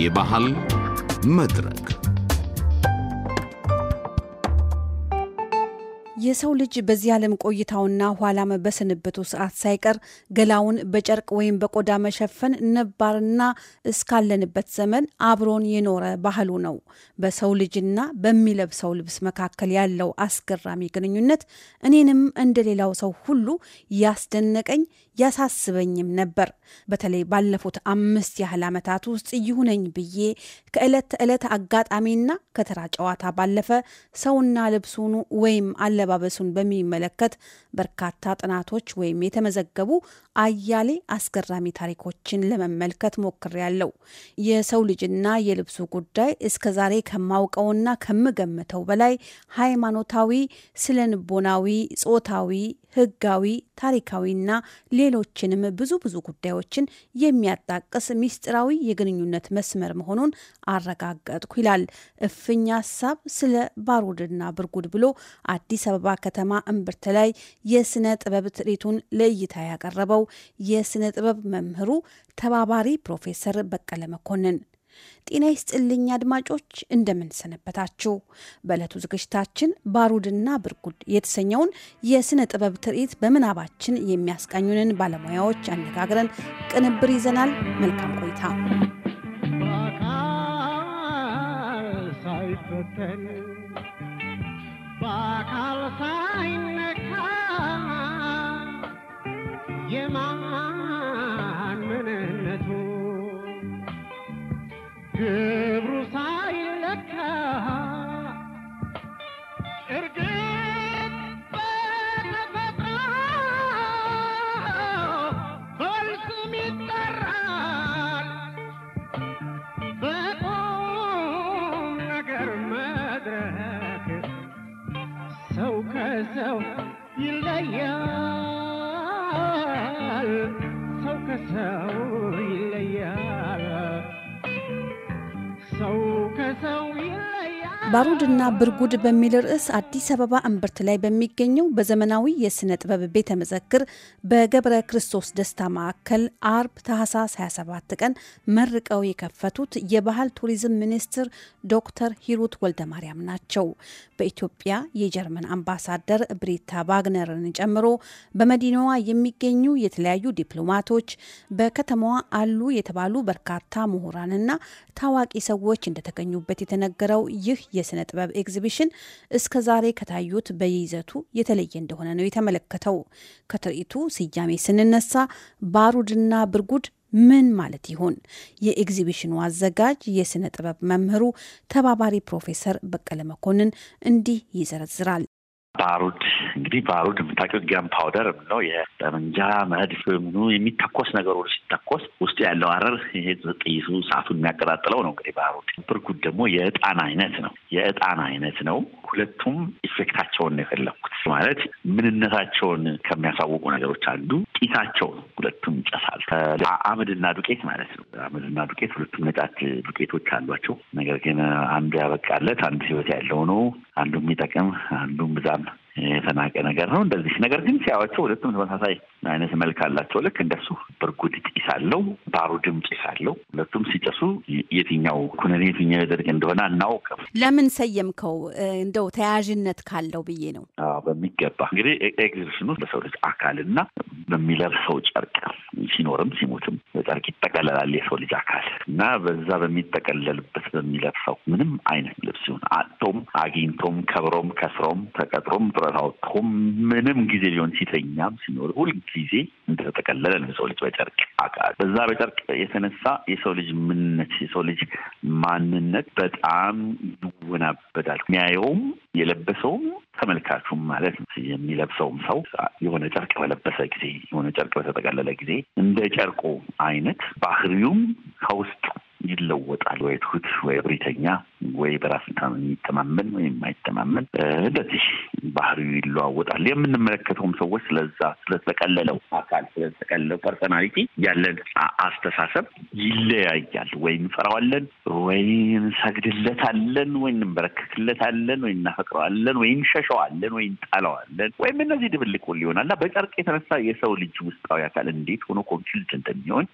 የባህል መድረክ የሰው ልጅ በዚህ ዓለም ቆይታውና ኋላም በስንብቱ ሰዓት ሳይቀር ገላውን በጨርቅ ወይም በቆዳ መሸፈን ነባርና እስካለንበት ዘመን አብሮን የኖረ ባህሉ ነው። በሰው ልጅና በሚለብሰው ልብስ መካከል ያለው አስገራሚ ግንኙነት እኔንም እንደ ሌላው ሰው ሁሉ ያስደነቀኝ ያሳስበኝም ነበር። በተለይ ባለፉት አምስት ያህል ዓመታት ውስጥ ይሁነኝ ብዬ ከዕለት ተዕለት አጋጣሚና ከተራ ጨዋታ ባለፈ ሰውና ልብሱኑ ወይም አለባ አለባበሱን በሚመለከት በርካታ ጥናቶች ወይም የተመዘገቡ አያሌ አስገራሚ ታሪኮችን ለመመልከት ሞክሬያለሁ። የሰው ልጅና የልብሱ ጉዳይ እስከዛሬ ከማውቀውና ከምገምተው በላይ ሃይማኖታዊ፣ ስነ ጾታዊ ህጋዊ፣ ታሪካዊና ሌሎችንም ብዙ ብዙ ጉዳዮችን የሚያጣቅስ ሚስጢራዊ የግንኙነት መስመር መሆኑን አረጋገጥኩ ይላል እፍኝ ሀሳብ ስለ ባሩድና ብርጉድ ብሎ አዲስ አበባ ከተማ እምብርት ላይ የስነ ጥበብ ትርኢቱን ለእይታ ያቀረበው የስነ ጥበብ መምህሩ ተባባሪ ፕሮፌሰር በቀለ መኮንን ጤና ይስጥልኝ አድማጮች፣ እንደምንሰነበታችሁ። በዕለቱ ዝግጅታችን ባሩድና ብርጉድ የተሰኘውን የሥነ ጥበብ ትርኢት በምናባችን የሚያስቃኙንን ባለሙያዎች አነጋግረን ቅንብር ይዘናል። መልካም ቆይታ። በአካል ሳይነካ የማመንን ninguém. ባሩድና ብርጉድ በሚል ርዕስ አዲስ አበባ እምብርት ላይ በሚገኘው በዘመናዊ የሥነ ጥበብ ቤተ መዘክር በገብረ ክርስቶስ ደስታ ማዕከል አርብ ታህሳስ 27 ቀን መርቀው የከፈቱት የባህል ቱሪዝም ሚኒስትር ዶክተር ሂሩት ወልደማርያም ናቸው። በኢትዮጵያ የጀርመን አምባሳደር ብሪታ ቫግነርን ጨምሮ በመዲናዋ የሚገኙ የተለያዩ ዲፕሎማቶች፣ በከተማዋ አሉ የተባሉ በርካታ ምሁራንና ታዋቂ ሰዎች እንደተገኙበት የተነገረው ይህ የስነ ጥበብ ኤግዚቢሽን እስከ ዛሬ ከታዩት በይዘቱ የተለየ እንደሆነ ነው የተመለከተው። ከትርኢቱ ስያሜ ስንነሳ ባሩድና ብርጉድ ምን ማለት ይሆን? የኤግዚቢሽኑ አዘጋጅ የስነ ጥበብ መምህሩ ተባባሪ ፕሮፌሰር በቀለ መኮንን እንዲህ ይዘረዝራል። ባሩድ እንግዲህ ባሩድ የምታውቂው ጋን ፓውደር ነው። የጠመንጃ መድፍ ምኑ የሚተኮስ ነገር ወደ ሲተኮስ ውስጡ ያለው አረር ይሄ ጥይቱ ሰዓቱን የሚያቀጣጥለው ነው። እንግዲህ ባሩድ ብርጉድ ደግሞ የእጣን አይነት ነው። የእጣን አይነት ነው። ሁለቱም ኢፌክታቸውን ነው የፈለኩት። ማለት ምንነታቸውን ከሚያሳውቁ ነገሮች አንዱ ጢሳቸው ነው። ሁለቱም ይጨሳል። አመድና ዱቄት ማለት ነው። አመድና ዱቄት ሁለቱም ነጫት ዱቄቶች አሏቸው። ነገር ግን አንዱ ያበቃለት አንዱ ህይወት ያለው ነው። አንዱ የሚጠቅም አንዱም ብዛም የተናቀ ነገር ነው እንደዚህ ነገር ግን ሲያዋቸው ሁለቱም ተመሳሳይ አይነት መልክ አላቸው። ልክ እንደሱ ብርጉድ ጢስ አለው፣ ባሩድም ጢስ አለው። ሁለቱም ሲጨሱ የትኛው ኩነኔ የትኛው የደርግ እንደሆነ አናውቅም። ለምን ሰየምከው? እንደው ተያያዥነት ካለው ብዬ ነው። በሚገባ እንግዲህ ኤግዚቢሽኑ በሰው ልጅ አካልና በሚለብሰው ጨርቅ ሲኖርም ሲሞትም ጨርቅ ይጠቀለላል የሰው ልጅ አካል እና በዛ በሚጠቀለልበት በሚለብሰው ምንም አይነት ልብስ ይሁን አጥቶም አግኝቶም ከብሮም ከስሮም ተቀጥሮም ጡረታ ወጥቶም ምንም ጊዜ ሊሆን ሲተኛም ሲኖር ሁል ጊዜ እንደተጠቀለለ ነው የሰው ልጅ በጨርቅ አካል። በዛ በጨርቅ የተነሳ የሰው ልጅ ምንነት፣ የሰው ልጅ ማንነት በጣም ይወናበዳል። የሚያየውም የለበሰውም ተመልካቹም ማለት ነው። የሚለብሰውም ሰው የሆነ ጨርቅ በለበሰ ጊዜ፣ የሆነ ጨርቅ በተጠቀለለ ጊዜ እንደ ጨርቁ አይነት ባህሪውም ከውስጡ ይለወጣል። ወይ ትሁት፣ ወይ እብሪተኛ፣ ወይ በራስ የሚተማመን ወይ የማይተማመን እንደዚህ ባህሪው ይለዋወጣል። የምንመለከተውም ሰዎች ስለዛ ስለተቀለለው አካል ስለተቀለለው ፐርሰናሊቲ ያለን አስተሳሰብ ይለያያል። ወይ እንፈራዋለን፣ ወይ እንሰግድለታለን፣ ወይ እንበረከክለታለን፣ ወይ እናፈቅረዋለን፣ ወይ እንሸሸዋለን፣ ወይ እንጣለዋለን፣ ወይም እነዚህ ድብልቁ ሊሆናል እና በጨርቅ የተነሳ የሰው ልጅ ውስጣዊ አካል እንዴት ሆኖ ኮንፊልድ እንደሚሆን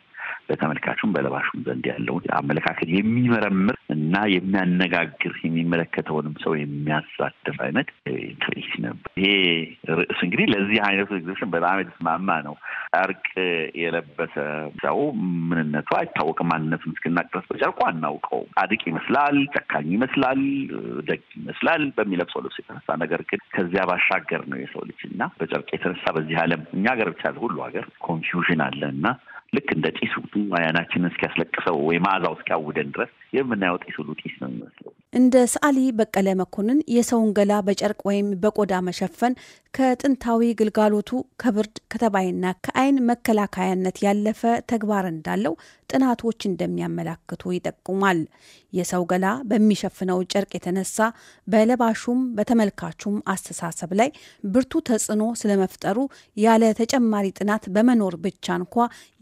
በተመልካቹም በለባሹም ዘንድ ያለውን አመለካከት የሚመረምር እና የሚያነጋግር የሚመለከተውንም ሰው የሚያሳትፍ አይነት ትርኢት ነበር። ይሄ ርዕስ እንግዲህ ለዚህ አይነቱ ኤግዚቢሽን በጣም የተስማማ ነው። ጨርቅ የለበሰ ሰው ምንነቱ አይታወቅም። ማንነቱን እስክናቅ ድረስ በጨርቁ አናውቀውም። ጻድቅ ይመስላል፣ ጨካኝ ይመስላል፣ ደግ ይመስላል በሚለብሰው ልብስ የተነሳ ነገር ግን ከዚያ ባሻገር ነው የሰው ልጅ እና በጨርቅ የተነሳ በዚህ ዓለም እኛ ሀገር ብቻ ሁሉ ሀገር ኮንፊውዥን አለ እና ልክ እንደ ጢሱ አያናችንን እስኪያስለቅሰው ወይ መዓዛው እስኪያውደን ድረስ የምናየው ጢስ ሁሉ ጢስ ነው የሚመስለው። እንደ ሰዓሊ በቀለ መኮንን የሰውን ገላ በጨርቅ ወይም በቆዳ መሸፈን ከጥንታዊ ግልጋሎቱ ከብርድ ከተባይና ከዓይን መከላከያነት ያለፈ ተግባር እንዳለው ጥናቶች እንደሚያመላክቱ ይጠቁማል። የሰው ገላ በሚሸፍነው ጨርቅ የተነሳ በለባሹም በተመልካቹም አስተሳሰብ ላይ ብርቱ ተጽዕኖ ስለመፍጠሩ ያለ ተጨማሪ ጥናት በመኖር ብቻ እንኳ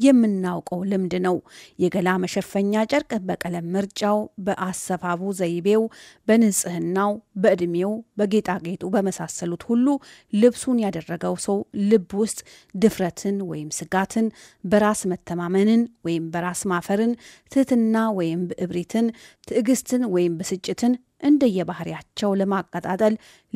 የምናውቀው ልምድ ነው። የገላ መሸፈኛ ጨርቅ በቀለም ምርጫው፣ በአሰፋቡ ዘይቤው በንጽህናው፣ በዕድሜው፣ በጌጣጌጡ በመሳሰሉት ሁሉ ልብሱን ያደረገው ሰው ልብ ውስጥ ድፍረትን ወይም ስጋትን፣ በራስ መተማመንን ወይም በራስ ማፈርን፣ ትህትና ወይም ብዕብሪትን፣ ትዕግስትን ወይም ብስጭትን እንደየባህሪያቸው ለማቀጣጠል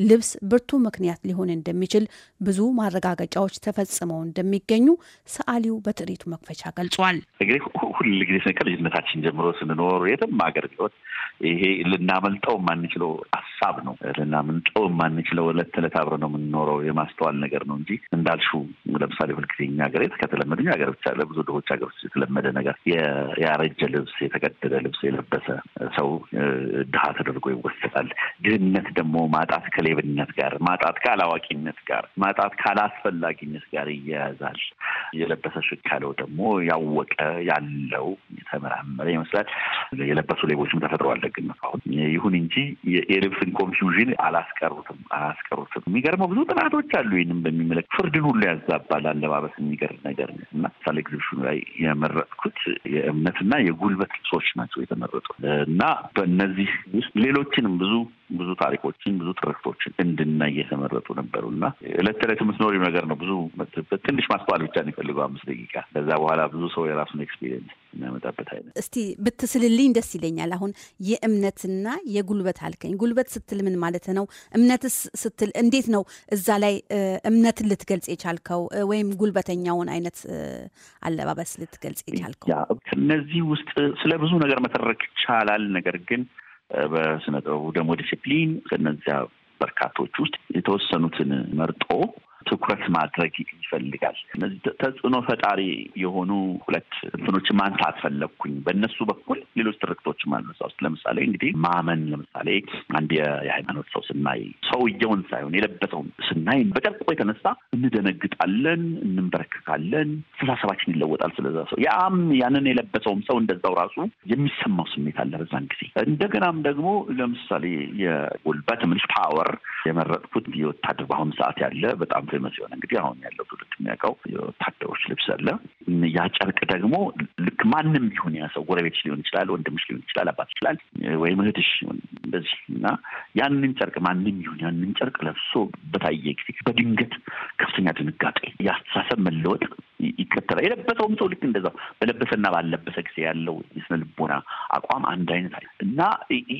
ልብስ ብርቱ ምክንያት ሊሆን እንደሚችል ብዙ ማረጋገጫዎች ተፈጽመው እንደሚገኙ ሰዓሊው በትርኢቱ መክፈቻ ገልጿል። እንግዲህ ሁል ጊዜ ከልጅነታችን ጀምሮ ስንኖር የትም ሀገር ቢሆን ይሄ ልናመልጠው የማንችለው ሀሳብ ነው። ልናመልጠው የማንችለው እለት ተዕለት አብረ ነው የምንኖረው የማስተዋል ነገር ነው እንጂ እንዳልሹ ለምሳሌ ሁልጊዜ እኛ ሀገር ከተለመዱ ሀገር ብቻ ለብዙ ድሆች ሀገሮች የተለመደ ነገር ያረጀ ልብስ፣ የተቀደደ ልብስ የለበሰ ሰው ድሀ ተደርጎ ይወሰዳል። ድህነት ደግሞ ማጣት ከሌብነት ጋር፣ ማጣት ከአላዋቂነት ጋር፣ ማጣት ካላስፈላጊነት ጋር ይያያዛል። የለበሰ ሽካለው ደግሞ ያወቀ ያለ ያለው የተመራመረ ይመስላል። የለበሱ ሌቦችም ተፈጥረዋል። ደግነቱ አሁን ይሁን እንጂ የልብስን ኮንፊውዥን አላስቀሩትም አላስቀሩትም። የሚገርመው ብዙ ጥናቶች አሉ። ይህንም በሚመለክ ፍርድን ሁሉ ያዛባል አለባበስ የሚገርም ነገር እና ሳል ኤግዚቢሽኑ ላይ የመረጥኩት የእምነትና የጉልበት ልብሶች ናቸው የተመረጡ እና በእነዚህ ውስጥ ሌሎችንም ብዙ ብዙ ታሪኮችን ብዙ ትርክቶችን እንድናይ የተመረጡ ነበሩ እና እለት ተዕለት የምትኖሪው ነገር ነው። ብዙ ትንሽ ማስተዋል ብቻ የሚፈልገው አምስት ደቂቃ። ከዛ በኋላ ብዙ ሰው የራሱን ኤክስፒሪየንስ የሚያመጣበት አይነት። እስቲ ብትስልልኝ ደስ ይለኛል። አሁን የእምነትና የጉልበት አልከኝ። ጉልበት ስትል ምን ማለት ነው? እምነትስ ስትል እንዴት ነው እዛ ላይ እምነትን ልትገልጽ የቻልከው ወይም ጉልበተኛውን አይነት አለባበስ ልትገልጽ የቻልከው? ከነዚህ ውስጥ ስለ ብዙ ነገር መተረክ ይቻላል። ነገር ግን በስነ ጥበቡ ደግሞ ዲሲፕሊን ከነዚያ በርካቶች ውስጥ የተወሰኑትን መርጦ ትኩረት ማድረግ ይፈልጋል። እነዚህ ተጽዕኖ ፈጣሪ የሆኑ ሁለት እንትኖች ማንሳት ፈለግኩኝ። በእነሱ በኩል ሌሎች ትርክቶችም አሉ እዛ ውስጥ። ለምሳሌ እንግዲህ ማመን፣ ለምሳሌ አንድ የሃይማኖት ሰው ስናይ ሰውየውን ሳይሆን የለበሰውን ስናይ በጨርቆ የተነሳ እንደነግጣለን፣ እንንበረክካለን፣ አስተሳሰባችን ይለወጣል። ስለዛ ሰው ያም ያንን የለበሰውም ሰው እንደዛው ራሱ የሚሰማው ስሜት አለ በዛን ጊዜ። እንደገናም ደግሞ ለምሳሌ የጉልበት ምንሽ ፓወር የመረጥኩት የወታደር በአሁኑ ሰዓት ያለ በጣም እንትን ሲሆን እንግዲህ አሁን ያለው ትውልድ የሚያውቀው የወታደሮች ልብስ አለ። ያ ጨርቅ ደግሞ ልክ ማንም ቢሆን ያ ሰው ጎረቤትሽ ሊሆን ይችላል፣ ወንድምሽ ሊሆን ይችላል፣ አባት ይችላል፣ ወይም እህትሽ እንደዚህ እና ያንን ጨርቅ ማንም ቢሆን ያንን ጨርቅ ለብሶ በታየ ጊዜ በድንገት ከፍተኛ ድንጋጤ፣ የአስተሳሰብ መለወጥ ይከተላል። የለበሰውም ሰው ልክ እንደዛው በለበሰና ባለበሰ ጊዜ ያለው የስነ ልቦና አቋም አንድ አይነት አለ እና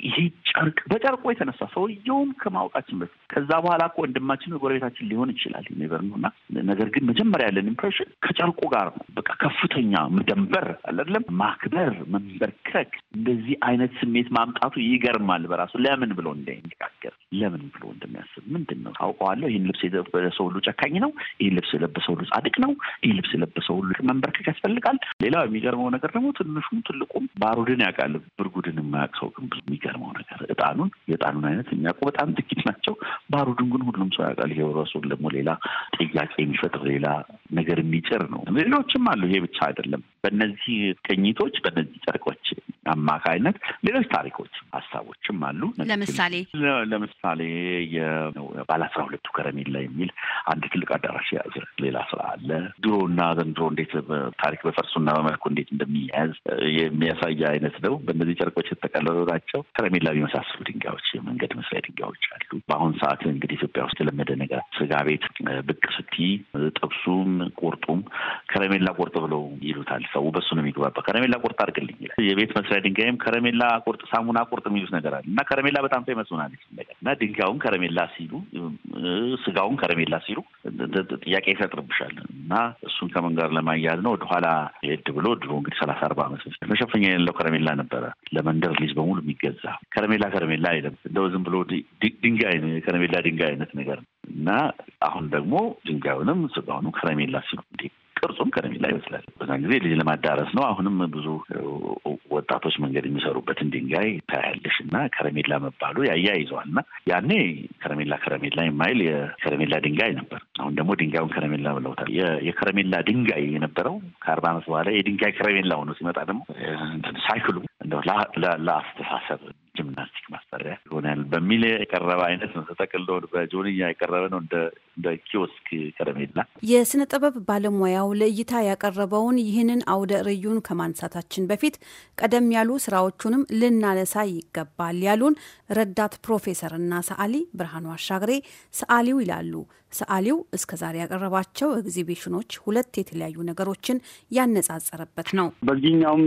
ይሄ ጨርቅ በጨርቆ የተነሳ ሰውየውም ከማውቃችን በፊት ከዛ በኋላ እኮ ወንድማችን ጎረቤታችን ሊሆን ይችላል ይችላል ኔቨር ነው እና ነገር ግን መጀመሪያ ያለን ኢምፕሬሽን ከጨርቁ ጋር ነው። በቃ ከፍተኛ መደንበር አለለም ማክበር፣ መንበርከክ እንደዚህ አይነት ስሜት ማምጣቱ ይገርማል በራሱ ለምን ብሎ እንደ እንዳይነጋገር ለምን ብሎ እንደሚያስብ ምንድን ነው አውቀዋለሁ። ይህን ልብስ የለበሰ ሁሉ ጨካኝ ነው። ይህን ልብስ የለበሰ ሁሉ ጻድቅ ነው። ይህን ልብስ የለበሰ ሁሉ መንበርከክ ያስፈልጋል። ሌላው የሚገርመው ነገር ደግሞ ትንሹም ትልቁም ባሩድን ያውቃል፣ ብርጉድን የማያውቅ ሰው ግን ብዙ የሚገርመው ነገር እጣኑን የእጣኑን አይነት የሚያውቁ በጣም ጥቂት ናቸው። ባሩድን ግን ሁሉም ሰው ያውቃል። ይሄ ራሱን ደግሞ ሌላ ጥያቄ የሚፈጥር ሌላ ነገር የሚጭር ነው። ሌሎችም አሉ። ይሄ ብቻ አይደለም። በእነዚህ ቅኝቶች፣ በእነዚህ ጨርቆች አማካይነት ሌሎች ታሪኮች ሀሳቦችም አሉ። ለምሳሌ ለምሳሌ የባለ አስራ ሁለቱ ከረሜላ የሚል አንድ ትልቅ አዳራሽ የያዘ ሌላ ስራ አለ። ድሮና ዘንድሮ እንዴት ታሪክ በፈርሱና በመልኩ እንዴት እንደሚያያዝ የሚያሳይ አይነት ነው። በእነዚህ ጨርቆች የተቀለሉ ናቸው። ከረሜላ የሚመሳሰሉ ድንጋዮች፣ የመንገድ መስሪያ ድንጋዮች አሉ። በአሁን ሰዓት እንግዲህ ኢትዮጵያ ውስጥ የለመደ ነገር ስጋ ቤት ብቅ ስቲ ጥብሱም ቁርጡም ከረሜላ ቁርጥ ብለው ይሉታል። ሰው በሱ ነው የሚግባባ። ከረሜላ ቁርጥ አድርግልኝ ይላል። የቤት መስሪያ ድንጋይም ከረሜላ ቁርጥ፣ ሳሙና ቁርጥ የሚሉት ነገር አለ እና ከረሜላ በጣም ፌመስ ሆናለች ነገር እና ድንጋዩን ከረሜላ ሲሉ ስጋውን ከረሜላ ሲሉ ጥያቄ ይፈጥርብሻል እና እሱን ከምን ጋር ለማያያዝ ነው ወደኋላ ሄድ ብሎ ድሮ እንግዲህ ሰላሳ አርባ ዓመት መሸፈኛ የሌለው ከረሜላ ነበረ ለመንደር ሊዝ በሙሉ የሚገዛ ከረሜላ ከረሜላ አይለም እንደው ዝም ብሎ ድንጋይ ከረሜላ ድንጋይ አይነት ነገር ነው። እና አሁን ደግሞ ድንጋዩንም ስጋውንም ከረሜላ ሲሉ እንደ ቅርጹም ከረሜላ ይመስላል። በዛ ጊዜ ልጅ ለማዳረስ ነው። አሁንም ብዙ ወጣቶች መንገድ የሚሰሩበትን ድንጋይ ታያለሽ እና ከረሜላ መባሉ ያያይዘዋል እና ያኔ ከረሜላ ከረሜላ የማይል የከረሜላ ድንጋይ ነበር። አሁን ደግሞ ድንጋዩን ከረሜላ ብለውታል። የከረሜላ ድንጋይ የነበረው ከአርባ ዓመት በኋላ የድንጋይ ከረሜላ ሆኖ ሲመጣ ደግሞ ሳይክሉ ለአስተሳሰብ ጂምናስቲክ ማሰሪያ ይሆናል በሚል የቀረበ አይነት ነው። ተጠቅሎ በጆንያ የቀረበ ነው እንደ ኪዮስክ ከረሜላ። የስነ ጥበብ ባለሙያው ለእይታ ያቀረበውን ይህንን አውደ ርዕዩን ከማንሳታችን በፊት ቀደም ያሉ ስራዎቹንም ልናነሳ ይገባል ያሉን ረዳት ፕሮፌሰር እና ሰዓሊ ብርሃኑ አሻግሬ ሰዓሊው ይላሉ። ሰዓሊው እስከዛሬ ያቀረባቸው ኤግዚቢሽኖች ሁለት የተለያዩ ነገሮችን ያነጻጸረበት ነው። በዚህኛውም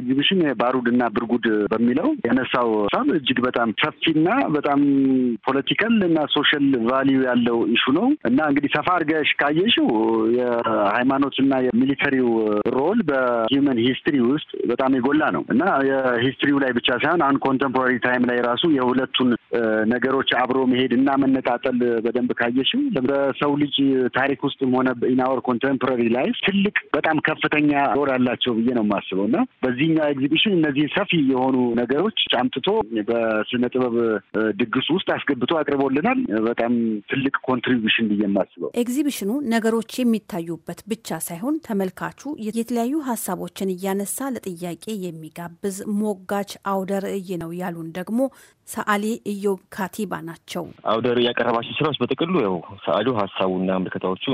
ኤግዚቢሽን ባሩድ እና ብርጉድ በሚለው ያነሳው እጅግ በጣም ሰፊና በጣም ፖለቲካል እና ሶሻል ቫሊዩ ያለው ኢሹ ነው እና እንግዲህ ሰፋ አድርገሽ ካየሽው የሃይማኖትና የሚሊተሪው ሮል በሂውመን ሂስትሪ ውስጥ በጣም የጎላ ነው እና የሂስትሪው ላይ ብቻ ሳይሆን አሁን ኮንተምፖራሪ ታይም ላይ ራሱ የሁለቱን ነገሮች አብሮ መሄድ እና መነጣጠል በደንብ ካየሽው በሰው ልጅ ታሪክ ውስጥም ሆነ ኢናወር ኮንተምፖራሪ ላይ ትልቅ በጣም ከፍተኛ ሮል አላቸው ብዬ ነው የማስበው እና በዚህኛው ኤግዚቢሽን እነዚህ ሰፊ የሆኑ ነገሮች አምጥቶ በስነ ጥበብ ጥበብ ድግስ ውስጥ አስገብቶ አቅርቦልናል። በጣም ትልቅ ኮንትሪቢሽን ብዬ የማስበው ኤግዚቢሽኑ ነገሮች የሚታዩበት ብቻ ሳይሆን ተመልካቹ የተለያዩ ሀሳቦችን እያነሳ ለጥያቄ የሚጋብዝ ሞጋች አውደ ርዕይ ነው ያሉን ደግሞ ሰዓሊ ኢዮብ ካቲባ ናቸው። አውደር ያቀረባቸው ስራዎች በጥቅሉ ያው ሰዓሊው ሀሳቡና ምልከታዎቹ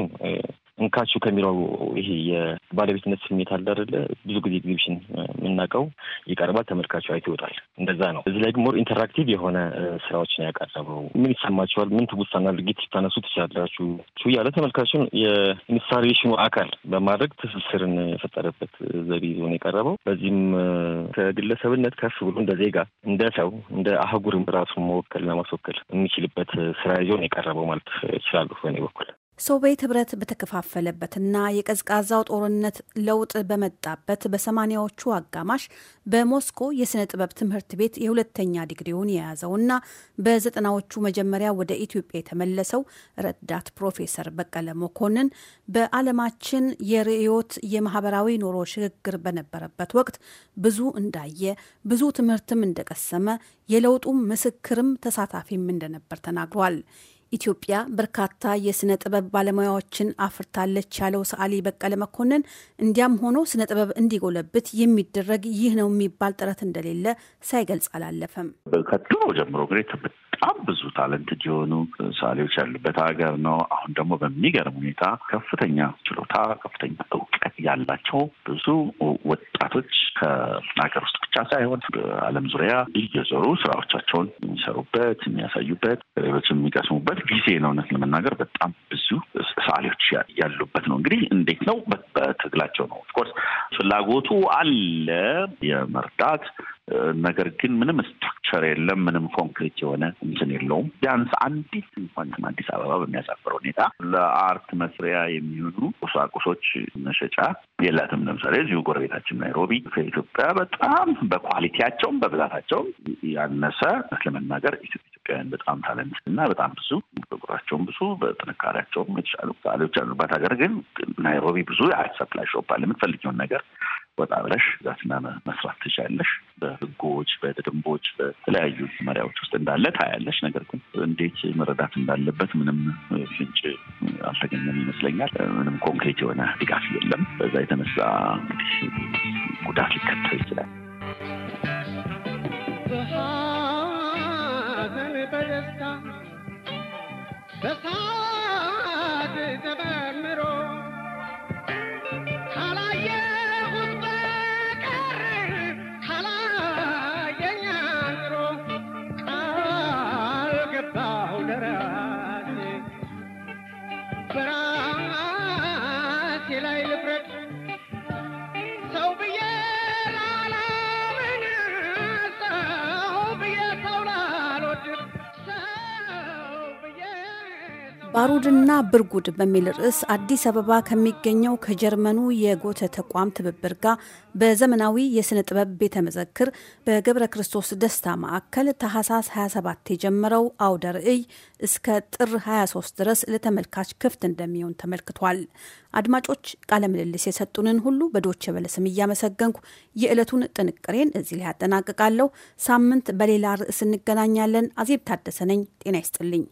እንካቹ ከሚለው ይሄ የባለቤትነት ስሜት አለ አይደለ? ብዙ ጊዜ ኤግዚቢሽን የምናውቀው ይቀርባል፣ ተመልካቹ አይቶ ይወጣል። እንደዛ ነው። እዚህ ላይ ግን ሞር ኢንተራክቲቭ የሆነ ስራዎች ነው ያቀረበው። ምን ይሰማቸዋል? ምን ትውስታና ድርጊት ታነሱ ትችላላችሁ ያለ ተመልካቹን የኢንስታሌሽኑ አካል በማድረግ ትስስርን የፈጠረበት ዘቢ ዞን የቀረበው በዚህም ከግለሰብነት ከፍ ብሎ እንደ ዜጋ እንደ ሰው እንደ አህ አህጉርን ራሱ መወከልና ማስወከል የሚችልበት ስራ ይዞ ነው የቀረበው ማለት ይችላሉ በእኔ በኩል። ሶቪየት ህብረት በተከፋፈለበትና የቀዝቃዛው ጦርነት ለውጥ በመጣበት በሰማኒያዎቹ አጋማሽ በሞስኮ የሥነ ጥበብ ትምህርት ቤት የሁለተኛ ዲግሪውን የያዘውና በዘጠናዎቹ መጀመሪያ ወደ ኢትዮጵያ የተመለሰው ረዳት ፕሮፌሰር በቀለ መኮንን በዓለማችን የርዕዮት የማህበራዊ ኑሮ ሽግግር በነበረበት ወቅት ብዙ እንዳየ ብዙ ትምህርትም እንደቀሰመ የለውጡም ምስክርም ተሳታፊም እንደነበር ተናግሯል። ኢትዮጵያ በርካታ የስነ ጥበብ ባለሙያዎችን አፍርታለች ያለው ሰዓሊ በቀለ መኮንን፣ እንዲያም ሆኖ ስነ ጥበብ እንዲጎለብት የሚደረግ ይህ ነው የሚባል ጥረት እንደሌለ ሳይገልጽ አላለፈም። ከድሮ ጀምሮ እንግዲህ በጣም ብዙ ታለንትድ የሆኑ ሳሌዎች ያሉበት ሀገር ነው። አሁን ደግሞ በሚገርም ሁኔታ ከፍተኛ ችሎታ፣ ከፍተኛ እውቀት ያላቸው ብዙ ወጣቶች ከሀገር ውስጥ ብቻ ሳይሆን በዓለም ዙሪያ እየዞሩ ስራዎቻቸውን የሚሰሩበት የሚያሳዩበት፣ ሌሎች የሚቀስሙበት ጊዜ ነው። እውነት ለመናገር በጣም ብዙ ሳሌዎች ያሉበት ነው። እንግዲህ እንዴት ነው? በትግላቸው ነው። ኦፍኮርስ ፍላጎቱ አለ የመርዳት ነገር ግን ምንም ስትራክቸር የለም። ምንም ኮንክሪት የሆነ እንትን የለውም። ቢያንስ አንዲት እንኳን አዲስ አበባ በሚያሳፍር ሁኔታ ለአርት መስሪያ የሚሆኑ ቁሳቁሶች መሸጫ የላትም። ለምሳሌ እዚሁ ጎረቤታችን ናይሮቢ ከኢትዮጵያ በጣም በኳሊቲያቸውም በብዛታቸውም ያነሰ ለመናገር ኢትዮጵያውያን በጣም ታለንት እና በጣም ብዙ ቁጥራቸውን ብዙ በጥንካሬያቸውም የተሻሉ ቃሌዎች ያሉባት ሀገር ግን ናይሮቢ ብዙ ሰፕላይ ሾፕ አለ። የምትፈልጊውን ነገር ወጣ ብለሽ ዛትና መስራት ትችላለሽ። በህጎች፣ በደንቦች፣ በተለያዩ መሪያዎች ውስጥ እንዳለ ታያለሽ። ነገር ግን እንዴት መረዳት እንዳለበት ምንም ፍንጭ አልተገኘም ይመስለኛል። ምንም ኮንክሪት የሆነ ድጋፍ የለም። በዛ የተነሳ እንግዲህ ጉዳት ሊከተል ይችላል። በሳት ዘመምሮ ባሩድና ብርጉድ በሚል ርዕስ አዲስ አበባ ከሚገኘው ከጀርመኑ የጎተ ተቋም ትብብር ጋር በዘመናዊ የሥነ ጥበብ ቤተ መዘክር በገብረ ክርስቶስ ደስታ ማዕከል ታህሳስ 27 የጀመረው አውደ ርዕይ እስከ ጥር 23 ድረስ ለተመልካች ክፍት እንደሚሆን ተመልክቷል። አድማጮች ቃለ ምልልስ የሰጡንን ሁሉ በዶቼ ቬለ ስም እያመሰገንኩ የዕለቱን ጥንቅሬን እዚህ ላይ ያጠናቅቃለሁ። ሳምንት በሌላ ርዕስ እንገናኛለን። አዜብ ታደሰ ነኝ። ጤና ይስጥልኝ።